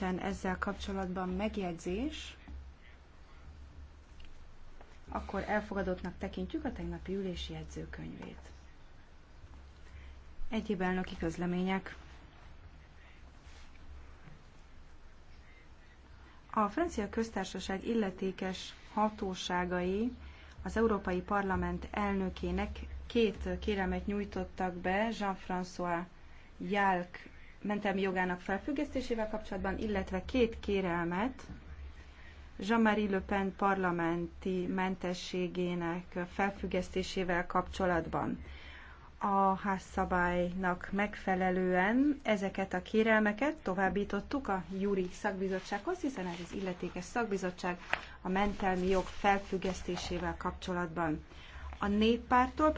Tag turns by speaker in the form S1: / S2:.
S1: nincsen ezzel kapcsolatban megjegyzés, akkor elfogadottnak tekintjük a tegnapi ülési jegyzőkönyvét. Egyéb elnöki közlemények. A francia köztársaság illetékes hatóságai az Európai Parlament elnökének két kéremet nyújtottak be Jean-François Jalk mentelmi jogának felfüggesztésével kapcsolatban, illetve két kérelmet Jean-Marie Le Pen parlamenti mentességének felfüggesztésével kapcsolatban. A házszabálynak megfelelően ezeket a kérelmeket továbbítottuk a Júri szakbizottsághoz, hiszen ez az illetékes szakbizottság a mentelmi jog felfüggesztésével kapcsolatban. A néppártól